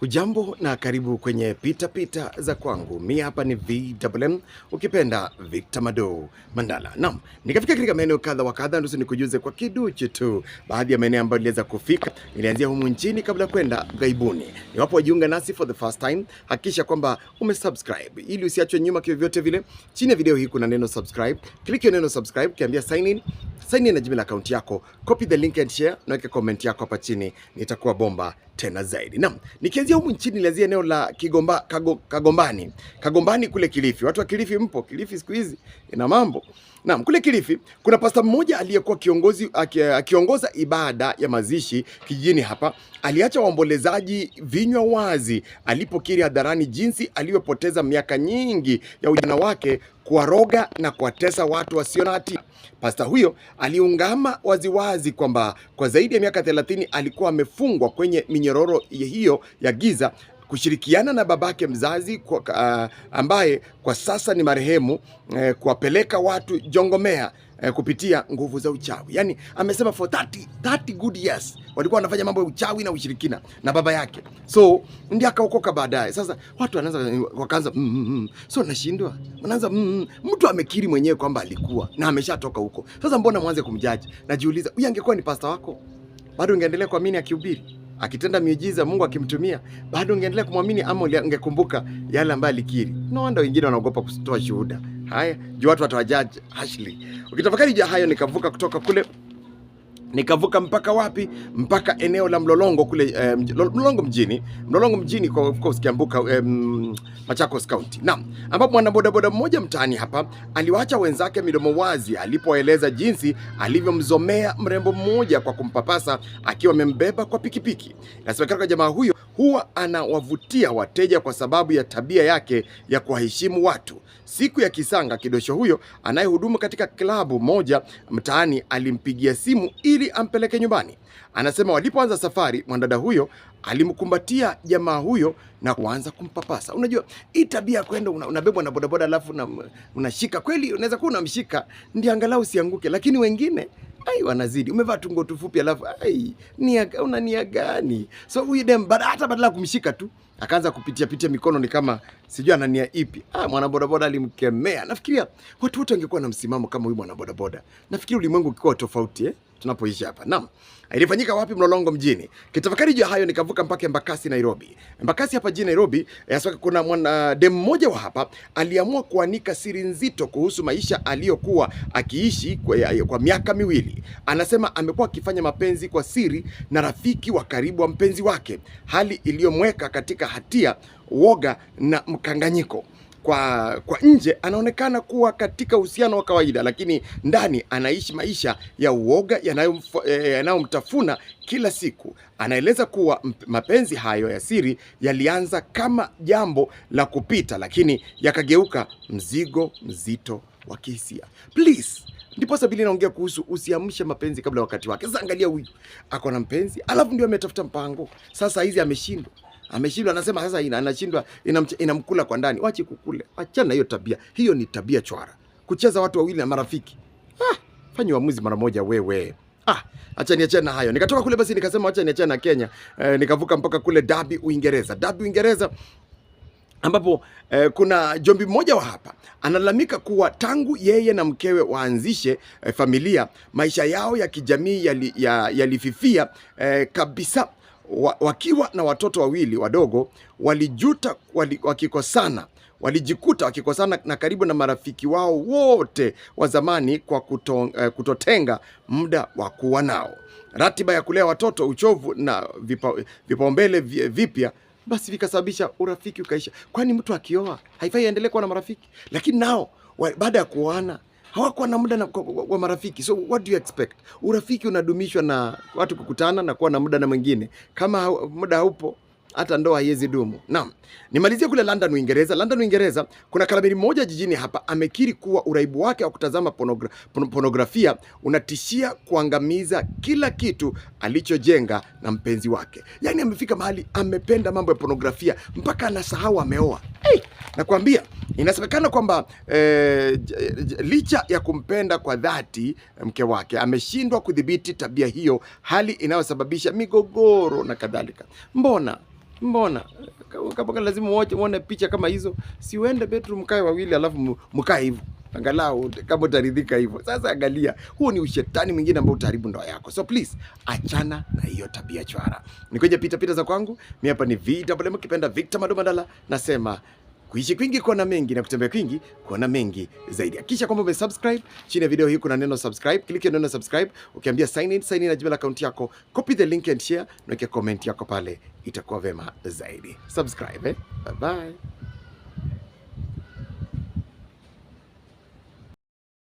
Hujambo na karibu kwenye pita pita za kwangu. Mi hapa ni VMM, ukipenda Victor Mado Mandala. Naam, nikafika katika maeneo kadha wa kadha, nusu nikujuze kwa kiduchu tu baadhi ya maeneo ambayo niliweza kufika. Nilianzia humu nchini kabla kwenda gaibuni. Iwapo wajiunga nasi for the first time, hakikisha kwamba umesubscribe ili usiachwe nyuma kivyovyote vile. Chini ya video hii kuna neno subscribe, click hiyo neno subscribe, kiambia sign in, sign in na Gmail account yako, copy the link and share, naweka comment yako hapa chini, nitakuwa bomba tena zaidi. Naam, nikianzia humu nchini lazia eneo la Kigomba, Kago, Kagombani Kagombani kule Kilifi. Watu wa Kilifi mpo? Kilifi siku hizi ina mambo. Naam, kule Kilifi kuna pasta mmoja aliyekuwa kiongozi akiongoza ibada ya mazishi kijijini hapa, aliacha waombolezaji vinywa wazi alipokiri hadharani jinsi aliyopoteza miaka nyingi ya ujana wake kuwaroga na kuwatesa watu wasio na hatia. Pasta huyo aliungama waziwazi kwamba kwa zaidi ya miaka 30 alikuwa amefungwa kwenye minyororo hiyo ya giza kushirikiana na babake mzazi kwa, uh, ambaye kwa sasa ni marehemu eh, kuwapeleka watu Jongomea eh, kupitia nguvu za uchawi. Yani amesema for 30, 30 good years walikuwa wanafanya mambo ya uchawi na ushirikina na baba yake, so ndiye akaokoka baadaye. Sasa watu wanaanza wakaanza mm, mm, mm. so nashindwa wanaanza mm, mm, mtu amekiri mwenyewe kwamba alikuwa na ameshatoka huko. Sasa mbona mwanze kumjaji? Najiuliza, huyu angekuwa ni pasta wako bado ungeendelea kuamini akihubiri? akitenda miujiza, Mungu akimtumia, bado ungeendelea kumwamini ama ungekumbuka yale ambayo alikiri? No wonder wengine wanaogopa kutoa shuhuda. Haya, juu watu watawajaji. Ashley, ukitafakari juu hayo, nikavuka kutoka kule nikavuka mpaka wapi? Mpaka eneo la Mlolongo kule eh, Mlolongo mjini, Mlolongo mjini kwa of course kiambuka eh, Machakos County. Naam, ambapo mwanabodaboda mmoja mtaani hapa aliwaacha wenzake midomo wazi alipoeleza jinsi alivyomzomea mrembo mmoja kwa kumpapasa akiwa amembeba kwa pikipiki. Na kwa jamaa huyo huwa anawavutia wateja kwa sababu ya tabia yake ya kuwaheshimu watu. Siku ya kisanga, kidosho huyo anayehudumu katika klabu moja mtaani alimpigia simu ili ampeleke nyumbani. Anasema walipoanza safari, mwanadada huyo alimkumbatia jamaa huyo na kuanza kumpapasa. Unajua hii tabia ya kwenda unabebwa na bodaboda alafu unashika, kweli unaweza kuwa unamshika ndio angalau usianguke, lakini wengine ai, wanazidi. Umevaa tungo tufupi, alafu ai, una nia gani? So huyu dem hata badala kumshika tu akaanza kupitia pitia mikono, ni kama sijui ana nia ipi. Ah, mwana bodaboda alimkemea. Nafikiria watu wote wangekuwa na msimamo kama huyu mwana bodaboda, nafikiri ulimwengu ukikuwa tofauti eh? tunapoishi hapa. Naam, ilifanyika wapi? Mlolongo mjini. Kitafakari juu ya hayo nikavuka mpaka Embakasi Nairobi. Embakasi hapa jijini Nairobi, eh, kuna dem mmoja wa hapa aliamua kuanika siri nzito kuhusu maisha aliyokuwa akiishi kwa, kwa miaka miwili. Anasema amekuwa akifanya mapenzi kwa siri na rafiki wa karibu wa mpenzi wake, hali iliyomweka katika hatia, woga na mkanganyiko kwa kwa nje anaonekana kuwa katika uhusiano wa kawaida, lakini ndani anaishi maisha ya uoga eh, eh, yanayomtafuna eh, kila siku. Anaeleza kuwa mapenzi hayo ya siri yalianza kama jambo la kupita, lakini yakageuka mzigo mzito wa kihisia. Please ndipo sabili naongea kuhusu usiamshe mapenzi kabla wakati wake. Sasa angalia, huyu ako na mpenzi alafu ndio ametafuta mpango, sasa hizi ameshindwa ameshindwa, anasema sasa ina anashindwa, inamkula kwa ndani. Wache kukule, achana hiyo tabia, hiyo ni tabia chwara, kucheza watu wawili na marafiki. Ah, fanya uamuzi mara moja wewe. Ah, acha niachane na hayo. Nikatoka kule basi nikasema acha niachane na Kenya. Eh, nikavuka mpaka kule Derby Uingereza. Derby Uingereza ambapo eh, kuna jombi mmoja wa hapa analalamika kuwa tangu yeye na mkewe waanzishe eh, familia, maisha yao ya kijamii yalififia yali eh, kabisa wa, wakiwa na watoto wawili wadogo walijuta wali, wakikosana walijikuta wakikosana na karibu na marafiki wao wote wa zamani kwa kuto, eh, kutotenga muda wa kuwa nao. Ratiba ya kulea watoto, uchovu na vipaumbele vipa vipya basi vikasababisha urafiki ukaisha, kwani mtu akioa haifai aendelee kuwa na marafiki, lakini nao baada ya kuoana hawakuwa na muda wa marafiki. So what do you expect? Urafiki unadumishwa na watu kukutana na kuwa na muda na mwingine. Kama muda haupo hata ndoa haiwezi dumu. Naam, nimalizie kule London, Uingereza. London, Uingereza, kuna kalamiri mmoja jijini hapa amekiri kuwa uraibu wake wa kutazama pornogra pornografia unatishia kuangamiza kila kitu alichojenga na mpenzi wake. Yaani amefika mahali amependa mambo ya pornografia mpaka anasahau ameoa. Hey, nakwambia Inasemekana kwamba e, licha ya kumpenda kwa dhati eh, mke wake ameshindwa kudhibiti tabia hiyo, hali inayosababisha migogoro na kadhalika. Mbona mbona kama lazima wote uone picha kama hizo? Si uende bedroom mkae wawili, alafu mkae hivyo angalau kama utaridhika hivyo. Sasa angalia, huu ni ushetani mwingine ambao utaharibu ndoa yako, so please achana na hiyo tabia chwara. Ni kwenye pita pita za kwangu, mi hapa ni Victor ukipenda Victor Mandala, nasema Kuishi kwingi kuona mengi na kutembea kwingi kuona mengi zaidi. Hakikisha kwamba umesubscribe. Chini ya video hii kuna neno subscribe. Click neno subscribe. Ukiambia sign in, sign in na Gmail account yako. Copy the link and share na weke comment yako pale. Itakuwa vema zaidi. Subscribe, eh? Bye bye.